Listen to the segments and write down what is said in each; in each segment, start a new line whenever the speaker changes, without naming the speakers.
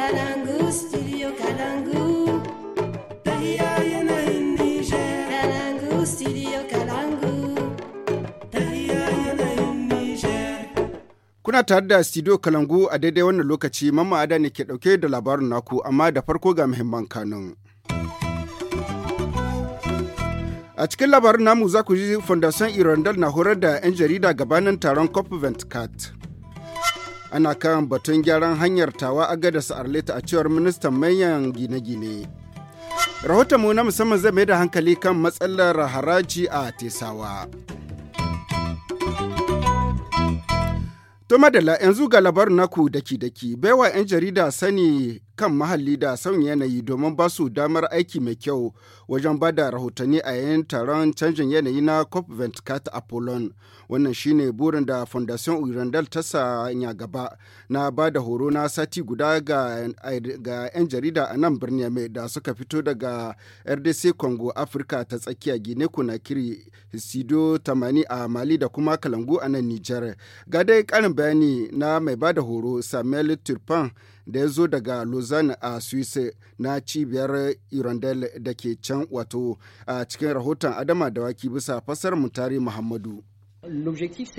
Kalangu,
Kuna tare da studio Kalangu a daidai wannan lokaci mamma ada ne ke dauke da labarin naku amma da farko ga muhimman kanun. A cikin labarin namu za ku ji Fondation Irandal na horar da 'yan jarida gabanin taron COP 24. ana kan batun gyaran hanyar tawa agadas arleta a cewar ministan manyan gine-gine rahotonmu na musamman zai mai da hankali kan matsalar haraji a tesawa to madalla yanzu ga labarin naku daki-daki baiwa 'yan jarida sani kan mahalli da sauyin yanayi domin ba su damar aiki mai kyau wajen ba da rahotanni a yayin taron canjin yanayi na cop 24 a poland wannan shine burin da fondation urandal ta sanya gaba na ba da horo na sati guda ga 'yan jarida a nan birnin mai da suka fito daga rdc congo afirka ta tsakiya gine kunakiri sido 80 a mali da kuma kalangu a nan nijar ga dai karin bayani na mai ba da horo samuel turpin da ya zo daga Lausanne a Swiss na cibiyar Irondale da ke can wato a cikin rahoton Adama da Dawaki bisa fasar Mutari Muhammadu.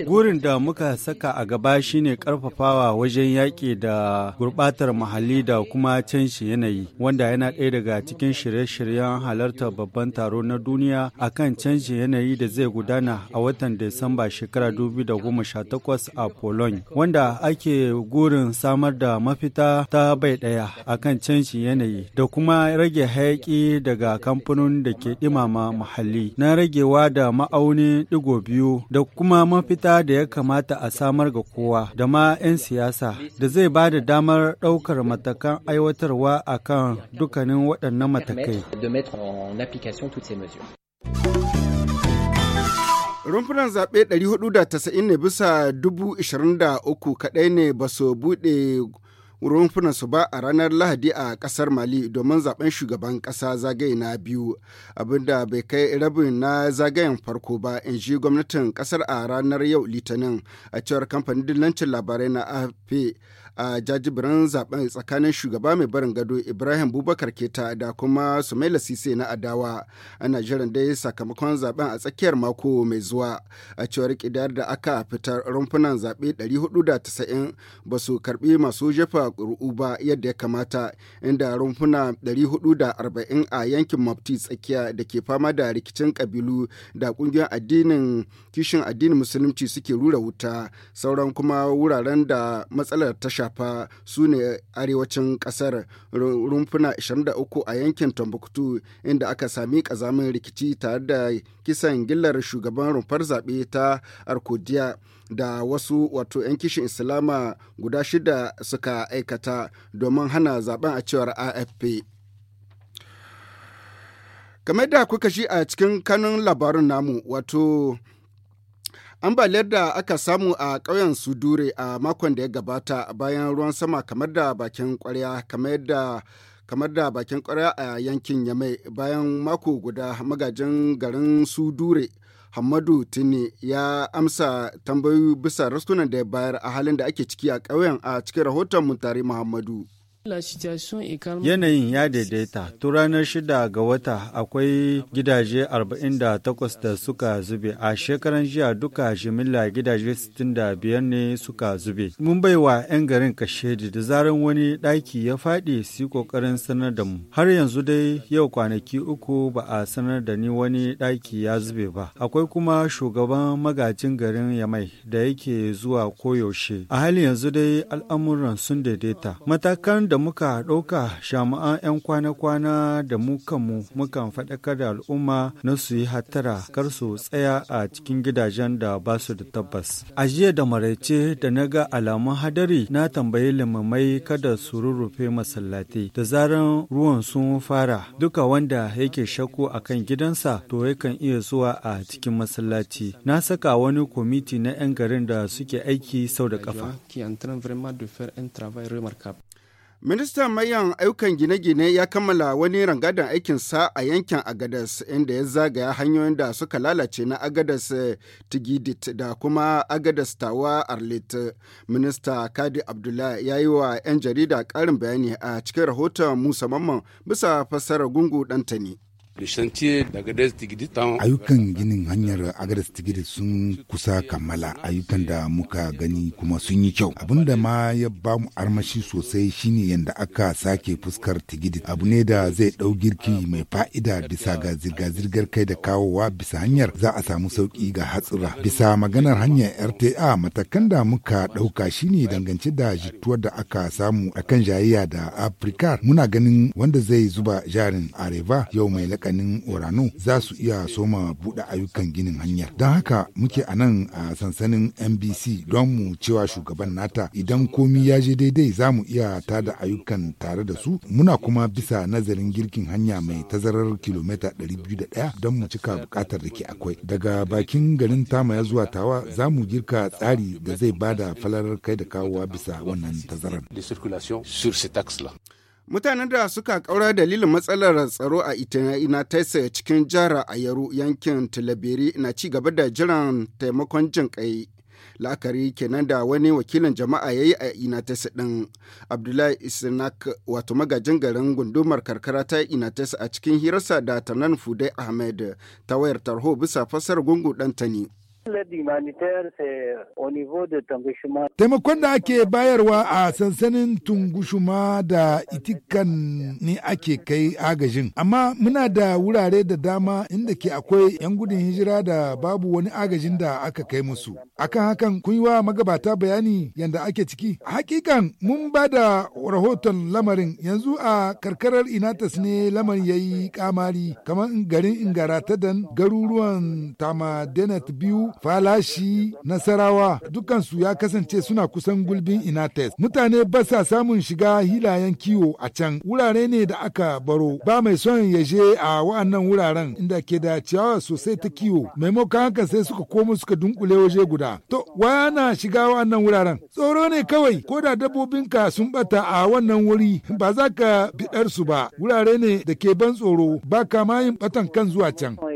burin da muka saka a gaba shine karfafawa wajen yaƙi da gurɓatar muhalli da kuma canshi yanayi, wanda yana ɗaya daga cikin shirye-shiryen halartar babban taro na duniya a kan canshi yanayi da zai gudana a watan Disamba shekara 2018 a Poland, wanda ake gurin samar da mafita ta bai ɗaya a kan canshi yanayi da kuma rage hayaƙi daga kamfanonin da ke ɗimama muhalli na ragewa da ma'auni ɗigo biyu da kuma mafita da ya kamata a samar ga kowa da ma 'yan siyasa da zai ba da damar ɗaukar matakan aiwatarwa a kan dukkanin waɗannan matakai.
rumfunan zaɓe 490 ne bisa 23 kaɗai ne ba su buɗe su ba a ranar Lahadi a ƙasar Mali domin zaben shugaban ƙasa zagaye na biyu, abinda bai kai rabin na zagayen farko ba in ji gwamnatin ƙasar a ranar yau Litinin a cewar kamfanin dillancin labarai na AFP. a jajibirin zaben tsakanin shugaba mai barin gado ibrahim bubakar keta da kuma sumaila sise na adawa ana jiran dai sakamakon zaben a tsakiyar mako mai zuwa a cewar kidar da aka fitar rumfunan zaɓe 490 ba su karɓi masu jefa ƙuri'u ba yadda ya kamata inda rumfuna 440 a yankin mafti tsakiya da ke fama da rikicin kabilu da ƙungiyar addinin kishin addinin musulunci suke rura wuta sauran kuma wuraren da matsalar tasha shafa su ne arewacin kasar rumfuna 23 a yankin Tombuktu inda aka sami kazamin rikici tare da kisan gillar shugaban rumfar zaɓe ta Arkodiya da wasu wato 'yan kishin Islama guda shida suka aikata domin hana zaben a cewar AFP. game da kuka shi a cikin kanun labarin namu wato Ambaliyar da aka samu a ƙauyen Sudure a makon da ya gabata bayan ruwan sama kamar da bakin ƙwarya kamar yadda kamar da bakin ƙwarya a yankin Yamai bayan mako guda magajin garin Sudure Hamadu Tini ya amsa tambayoyi bisa raskunan da ya bayar a halin da ake ciki a ƙauyen a cikin rahoton
Muntari Muhammadu. Yanayin ya daidaita, to ranar shida ga wata akwai gidaje 48 da suka zube, a shekaran jiya duka jimilla gidaje 65 ne suka zube. Mun baiwa 'yan garin kashedi da zaran wani ɗaki ya faɗi su ƙoƙarin sanar da mu. Har yanzu dai yau kwanaki uku ba a sanar da ni wani ɗaki ya zube ba. Akwai kuma shugaban magajin garin Yamai da yake zuwa koyaushe. A halin yanzu dai al'amuran sun daidaita. Matakan da muka ɗauka shama'a 'yan kwana-kwana da mu muka mukan faɗakar da al'umma na su yi hattara kar su tsaya a cikin gidajen da ba su da tabbas. A jiya da maraice da na ga alamun hadari na tambayi limamai kada su rurrufe masallati da zaran ruwan sun fara duka wanda yake shakku a kan gidansa to yakan iya zuwa a cikin masallaci. Na saka wani kwamiti na 'yan garin da suke aiki sau da kafa.
Ministan mayan ayyukan gine-gine ya kammala wani rangadin aikinsa a yankin Agadas inda ya zagaya hanyoyin da suka lalace na Agadas eh, Tigidit da kuma Agadas Tawa Arlit. Minista Kadi Abdullahi ya yi wa 'yan jarida ƙarin bayani a cikin rahoton Musa Mamman bisa fassarar gungu ɗanta ne.
ayyukan ginin hanyar agadas tigidi sun kusa kammala ayyukan da muka gani kuma sun yi kyau da ma ya ba mu armashi sosai shine yadda aka sake fuskar tigidi abu ne da zai ɗau girki mai fa'ida bisa ga zirga-zirgar kai da kawowa bisa hanyar za a samu sauki ga hatsura bisa maganar hanyar rta matakan da muka ɗauka shine dangance da jituwar da aka samu akan jayayya da afirka muna ganin wanda zai zuba jarin areva yau mai tsakanin orano za su iya soma buɗe ayyukan ginin hanyar don haka muke a nan a sansanin mbc don mu cewa shugaban nata idan komi ya je daidai za mu iya tada ayyukan tare da su muna kuma bisa nazarin girkin hanya mai tazarar kilomita 201 don mu cika bukatar da ke akwai daga bakin garin tamaya zuwa tawa za mu girka tsari da zai bada falarar kai da kawowa bisa wannan tazarar
Mutanen da suka kaura dalilin matsalar tsaro a Ina Taisa cikin jara a yaro yankin Tilaberi na ci gaba da jiran taimakon jin kai. La'akari kenan da wani wakilin jama'a ya yi a Ina Taisa ɗin. Abdullahi Isnak wato magajin garin gundumar karkara ta Ina Taisa a cikin hirarsa da Tanan Fudai Ahmed ta wayar tarho bisa fasar gungu ɗanta ne. Taimakon da ake bayarwa a sansanin
tungushuma da itikan ne ake kai agajin. Amma muna da wurare da dama inda ke akwai 'yan gudun hijira da babu wani agajin da aka kai musu. Akan hakan kun yi wa magabata bayani yadda ake ciki. Hakikan mun ba da rahoton lamarin yanzu a karkarar Inatas ne lamarin ya yi kamari kamar garin Ingaratadan garuruwan Tamadenet biyu Falashi, Nasarawa dukansu ya kasance suna kusan gulbin Inates. Mutane ba sa samun shiga hilayen kiwo a can. Wurare ne da aka baro ba mai son ya je a wa'annan wuraren inda ke da ciyawa sosai ta kiwo. Maimakon haka sai suka komo suka dunkule waje guda. To waya na shiga wa'annan wuraren? Tsoro ne kawai ko da ka sun bata a wannan wuri ba za ka bidar su ba. Wurare ne da ke ban tsoro ba
ka ma yin batan kan zuwa can. Oh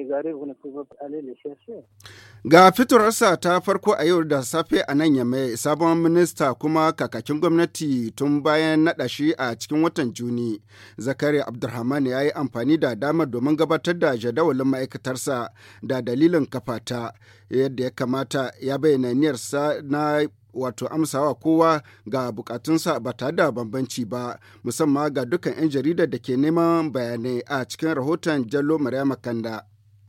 Ga fiturarsa ta farko a yau da safe a nan yamma sabon minista kuma kakakin gwamnati tun bayan naɗa shi a cikin watan Juni. Zakari Abdulrahman ya yi amfani da damar domin gabatar da jadawalin ma'aikatarsa da dalilin kafata yadda ya kamata ya bayyana niyarsa na wato amsawa kowa ga bukatunsa ba tare da bambanci ba musamman ga dukkan 'yan jaridar da ke neman bayanai a cikin rahoton Jallo Maryama Kanda.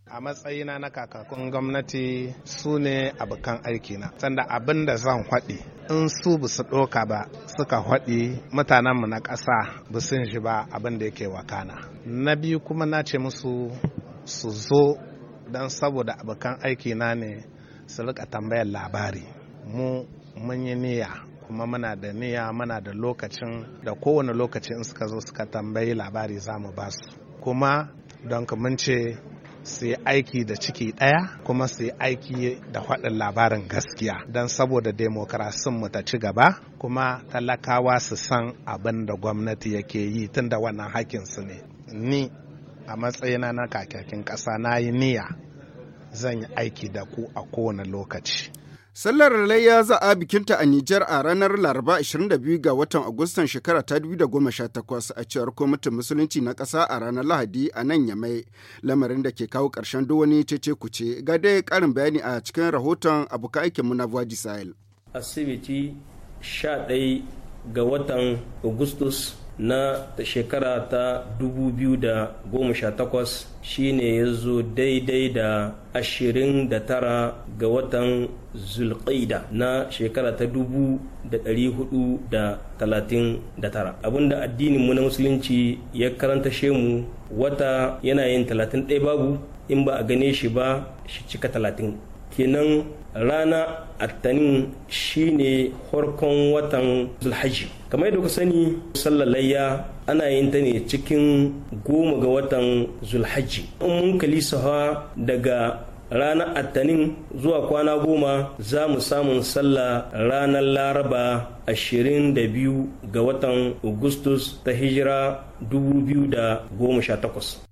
a matsayina na kakakun gwamnati su ne abokan aikina sanda abin da zan haɗi in su bu su ɗoka ba suka haɗi mutanenmu na ƙasa bu sun shi ba abin da yake wakana na biyu kuma na ce musu su zo don saboda abokan aikina ne su rika tambayar labari mu mun yi niyya kuma muna da niyya muna da lokacin da kowane lokaci in suka zo suka tambayi labari za mu ba su kuma don mun ce su yi aiki da ciki ɗaya kuma su aiki da faɗin labarin gaskiya don saboda demokrasin mu ta ci gaba kuma talakawa su san abin da gwamnati yake yi tun da wannan hakinsu su ne ni a matsayina na kakakin ƙasa na yi niyya zan yi aiki da ku a kowane
lokaci Sallar layya za a bikinta a Nijar a ranar Laraba 22 ga watan Agustan shekara ta 2018 a cewar kwamitin musulunci na ƙasa a ranar Lahadi a nan Yamai, lamarin da ke kawo ƙarshen duk wani cece kuce. Ga dai karin bayani a cikin rahoton abokan aikinmu na Voix
Asibiti 11 ga watan augustus na shekara ta 2018 shine ya zo daidai da 29 ga watan zulqaida na shekara ta 439 abinda mu na musulunci ya karanta shemu wata yanayin 31 babu in ba a gane shi ba shi cika 30 kenan rana attanin shine farkon watan zulhaji kamar yadda ku sani sallalayya ana yin ta ne cikin goma ga watan zulhaji in mun kalisawa daga rana attanin zuwa kwana goma za mu samun sallah ranar laraba 22 ga watan augustus ta hijira 2018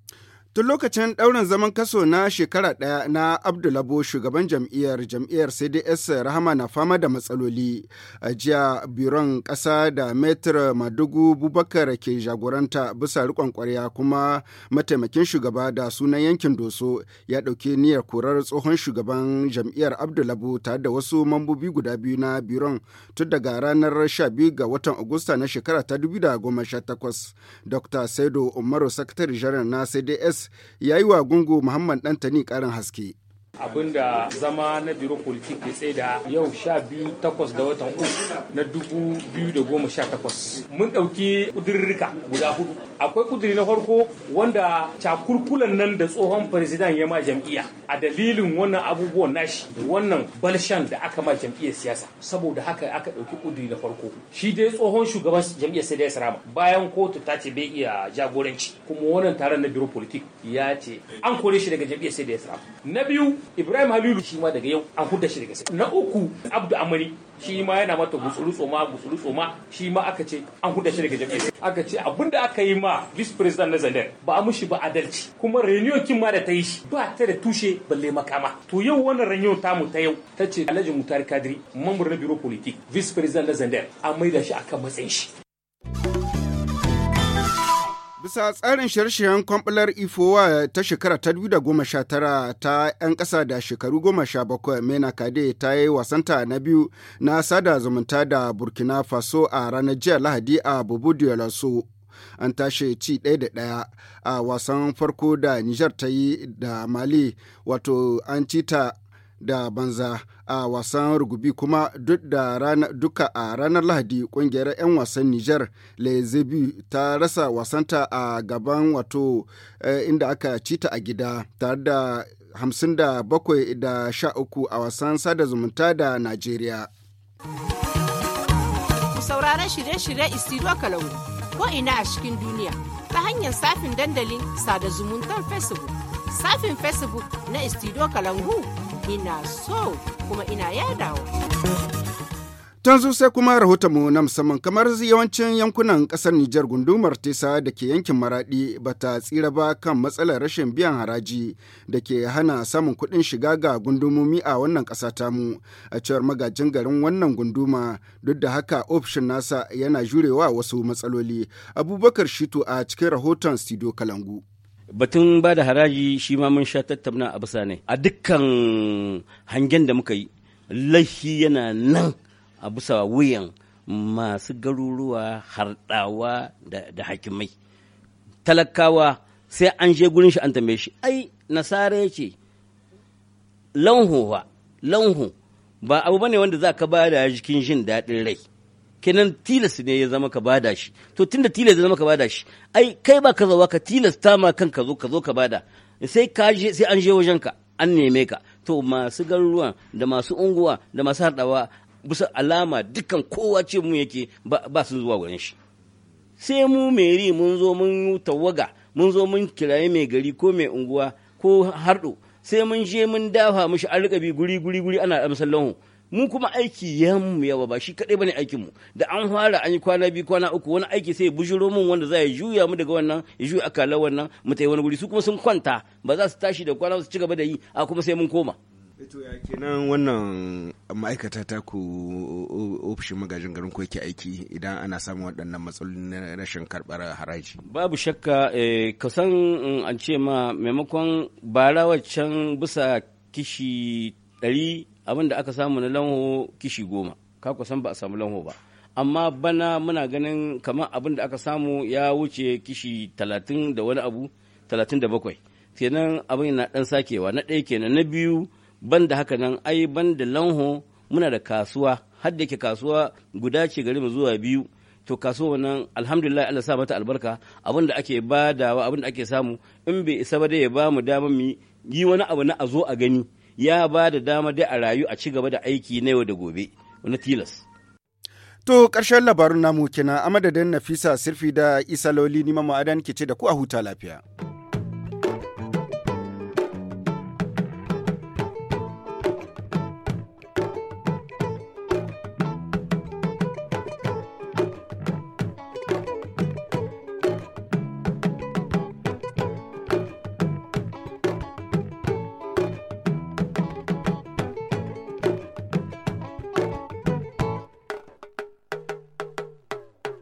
Tun lokacin ɗaurin zaman kaso na shekara ɗaya na Abdullabo shugaban jam'iyyar jam'iyyar CDS Rahama na fama da matsaloli. A jiya biron ƙasa da Metro Madugu Bubakar ke jagoranta bisa riƙon ƙwarya kuma mataimakin shugaba da sunan yankin Doso ya ɗauki niyyar korar tsohon shugaban jam'iyyar Abdullabo tare da wasu mambobi guda biyu na biron tun daga ranar 12 ga watan Agusta na shekara ta 2018. Dr. Saido Umaru Sakatare Janar na CDS ya yi wa gungu Muhammad Dantani ƙarin haske.
abin da zama na biro politik ke tsaye da yau sha biyu takwas da watan uku na dubu biyu da goma sha takwas mun ɗauki ƙudurrika guda hudu akwai ƙuduri na farko wanda cakurkulan nan da tsohon firizidan ya ma jam'iyya a dalilin wannan abubuwan nashi wannan balshan da aka ma jam'iyyar siyasa saboda haka aka ɗauki ƙuduri na farko shi dai tsohon shugaban jam'iyyar sai dai sarama bayan kotu ta ce bai iya jagoranci kuma wannan taron na biro politik ya ce an kore shi daga jam'iyyar sai dai sarama na biyu Ibrahim Halilu shi ma daga yau an huda shi daga sai. Na uku Abdu Amari shi ma yana mata gusuru tsoma gusuru tsoma shi ma aka ce an huda shi daga jam'iyyar. Aka ce abinda aka yi ma vice president na Zandar ba a mushi ba adalci kuma renewal kin ma da ta yi shi ba ta da tushe balle makama. To yau wannan ta mu ta yau ta ce Alhaji Mutari Kadiri mambar na biro politik vice president na Zandar an maida shi akan matsayin shi.
Bisa tsarin shirye-shiryen kwamfular ifowa e ta shekara ta 2019 ta 'yan ƙasa da shekaru 17 mena kade ta yi wasanta na biyu na sada zumunta da burkina faso a ranar jiya lahadi a Bobo an tashi ci ɗaya da ɗaya a wasan farko da nijar ta yi da mali wato an ci da banza a wasan rugubi kuma duk da rana, duka a ranar lahadi kungiyar 'yan wasan niger lezebi ta rasa wasanta a gaban wato eh, inda aka cita a gida tare da 57 da sha uku a wasan sada zumunta da nigeria.
sauraron shirye-shirye istiro kalangu ko ina a cikin duniya ta hanyar safin dandalin sada zumuntar facebook safin facebook na istiro kalangu ina so kuma
ina yadawa. Tanzu sai kuma rahotonmu na musamman kamar yawancin yankunan ƙasar Nijar gundumar Tesa da ke yankin Maraɗi, ba ta tsira ba kan matsalar rashin biyan haraji da ke hana samun kuɗin shiga ga gundumomi a wannan ƙasa tamu a cewar magajin garin wannan gunduma duk da haka ofishin nasa yana jurewa wasu matsaloli. Abubakar Shitu a cikin rahoton Studio Kalangu.
batun ba da haraji shi ma mun sha tattauna a bisa ne a dukkan hangen da muka yi laifi yana nan a bisa wuyan masu garuruwa harɗawa da hakimai talakawa sai an je gurin shi an tambaye shi ai nasara ya ce lanhu ba lanhu ba abu bane wanda za ka ba da jikin jin daɗin rai kenan tilas ne ya zama ka bada shi to tunda tilas ya zama ka bada shi ai kai ba ka zawa ka tilasta ma kanka zo ka zo ka bada sai ka je sai an je wajen ka an neme ka to masu garuruwa da masu unguwa da masu haɗawa bisa alama dukkan kowa ce mu yake ba su zuwa wurin shi sai mu meri mun zo mun tawaga mun zo mun kiraye mai gari ko mai unguwa ko harɗo sai mun je mun dafa mushi an bi guri guri guri ana mu kuma aiki ya mu yawa ba shi kadai bane aikin mu da an fara an yi kwana biyu kwana uku wani aiki sai bujuro mun wanda za ya juya mu daga wannan ya juya akalar wannan mu tai wani guri su kuma sun kwanta ba za su tashi da kwana su ci gaba da yi a kuma sai mun koma
eh to ya
kenan wannan ma'aikata ta ku ofishin magajin garin ko yake aiki idan ana samun waɗannan matsaloli na rashin karɓar haraji
babu shakka eh, ka san mm, an ce ma maimakon bara waccan bisa kishi ɗari abin da aka samu na lanho kishi goma ka kusan ba a samu lanho ba amma bana muna ganin kamar abin da aka samu ya wuce kishi talatin da wani abu talatin da bakwai kenan abin na ɗan sakewa na ɗaya kenan na biyu ban da haka nan ai ban da lanho muna da kasuwa har da ke kasuwa guda ce gari mu zuwa biyu to kasuwa nan alhamdulillah Allah sa mata albarka abin da ake badawa abin da ake samu in bai isa ba da ya ba mu dama mu yi wani abu na a zo a gani ya ba da dama dai a rayu a ci gaba da aiki na yau da gobe na tilas.
To karshen labarun namu kenan a madadin Nafisa Sirfi da Isa Loli ni ma'adan ke ce da ku a huta lafiya.